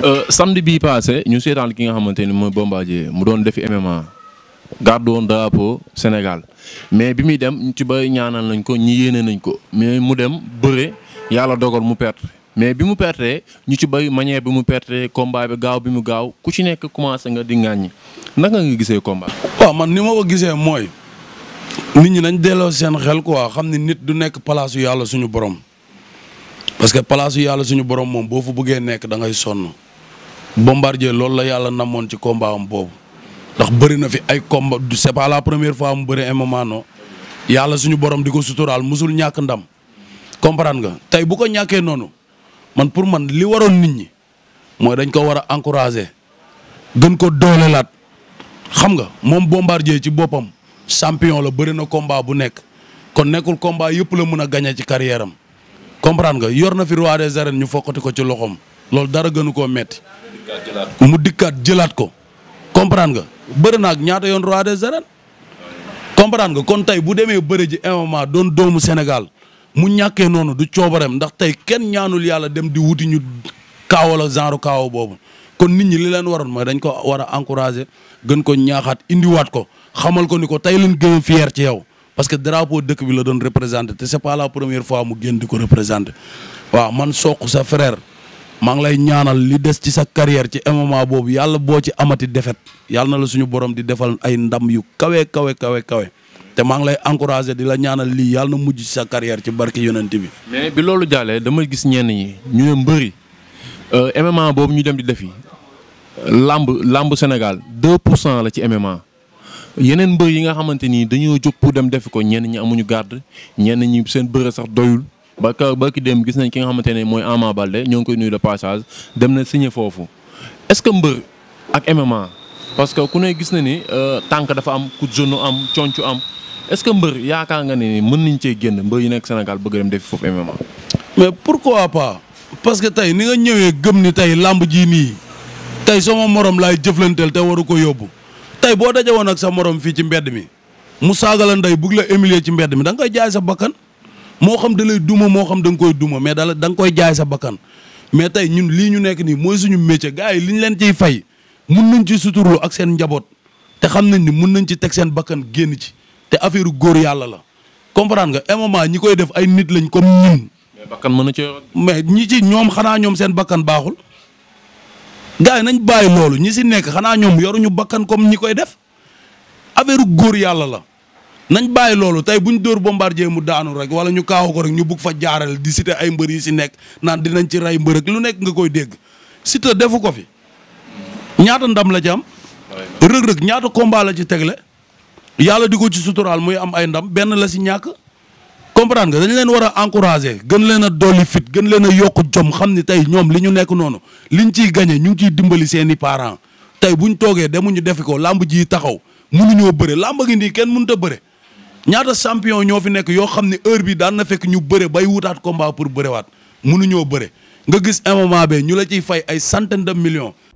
Euh, samedi bi passé ñu seetaan ki nga xamante ni mooy Bombardier mu doon defi MMA gàddu woon drapeau Sénégal mais bi muy dem ñu ci ba ñaanal nañ ko ñi yéene nañ ko mais mu dem bëre yàlla dogal mu perte mais bi mu perte ñu ci bay manière bi mu pertee combat bi gaaw bi mu gaaw ku ci nekk commencé nga di ŋàññi naka nga gisee combat. waaw man ni ma ko gisee mooy nit ñi nañ delloo seen xel ko quoi xam ni nit du nekk place yàlla suñu borom parce que place yàlla suñu borom moom boo fu bëggee nekk da ngay sonn. Bombardier loolu la yàlla namoon ci combat am boobu ndax bëri na fi ay combat c'est pas la première fois mu bëri MMA non yàlla suñu borom di ko suturaal musul ñàkk ndam comprendre nga tey bu ko ñàkkee noonu man pour man li waroon nit ñi mooy dañ ko war a encourager gën ko doolelaat xam nga moom Bombardier ci boppam champion la bëri na combat bu nekk kon nekkul combat yëpp la mën a gagné ci carrière am nga yor na fi roi des arènes ñu fokkati ko ci loxoom loolu dara gënu koo metti mu dikkaat jëlaat ko comprendre nga bëri naag ñaata yoon roi des arènes comprendre nga kon tey bu demee bëri ji MMA doon doomu Sénégal mu ñàkkee noonu du coobareem ndax tey kenn ñaanul yàlla dem di wuti ñu kaaw la genre kaaw boobu kon nit ñi li leen waron mooy dañ ko war a encourager gën ko ñaaxaat indiwaat ko xamal ko ni ko tey leen gën a fier ci yow parce que drapeau dëkk bi la doon représenté te c'est pas la première fois mu génn di ko représenté waaw man Sokh sa frère maa ngi lay ñaanal li des ci sa carrière ci MMA boobu yàlla boo ci amati defet yàlla na la suñu borom di defal ay ndam yu kawe kawe kawe kawe te maa ngi lay encouragé di la ñaanal lii yàlla na mujj ci sa carrière ci barke yonent bi. mais bi loolu jàllee dama gis ñenn ñi ñu ne mbëri euh, MMA boobu ñu dem di def defi lamb làmb Sénégal 2 pour cent la ci MMA. yeneen mbër yi nga xamante ni dañoo jóg pour dem defi ko ñenn ñi amuñu garde ñenn ñi seen bëre sax doyul ba ka ba dem gis nañ ki nga xamante ne mooy Ama Balde ñoo ngi koy nuyu de passage dem na signé foofu est-ce que mbër ak MMA parce que ku ne gis na ni euh, tànk dafa am ku am concu am est-ce que mbër yaakaar nga ne mën nañ cee génn mbër yi nekk Sénégal bëgg dem defi foofu MMA. mais pourquoi pas parce que tey ni nga ñëwee gëm ni tey làmb jii nii tey sama morom laay jëflanteel te waru ko yóbbu tey boo dajee woon ak sa morom fii ci mbedd mi mu saaga la ndey bugg la humilier ci mbedd mi da nga koy jaay sa bakkan. moo xam da lay duma moo xam danga koy duma mais dala danga koy jaay sa bakkan mais tey ñun lii ñu nekk nii mooy suñu métier gars yi li ñu leen ciy fay mun nañ ci suturlu ak seen njaboot te xam nañ ni mun nañ ci teg seen bakkan génn ci te affaire góor yàlla la comprendre nga moment ñi koy def ay nit lañ comme bakkan mën na ci mais ñi ci ñoom xanaa ñoom seen bakkan baaxul. gars nañ bàyyi loolu ñi si nekk xanaa ñoom yoruñu bakkan comme ñi koy def affaire góor yàlla la nañ bàyyi loolu tey bu ñu dóor bombardier mu daanu rek wala ñu kaaw ko rek ñu bugg fa jaaral di cité ay mbër yi si nekk naan dinañ ci rey mbër ak lu nekk nga koy dégg site defu ko fi ñaata ndam la ci am. rëg-rëg ñaata combat la ci tegle yàlla di ko ci suturaal muy am ay ndam benn la si ñàkk. comprendre nga dañ leen war a encourager gën leen a dolli fit gën leen a yokk jom xam ni tey ñoom li ñu nekk noonu liñ ciy gañe ñu ngi ciy dimbali seeni parent tey bu ñu toogee demuñu defi ko làmb ji taxaw mënuñoo bëre làmb gi nii kenn mënut a bëre ñaata champion ñoo fi nekk yoo xam ne heure bi daan na fekk ñu bëre bay wutaat combat pour bërewaat mënuñoo bëre nga gis un moment bi ñu la ciy fay ay centaine de millions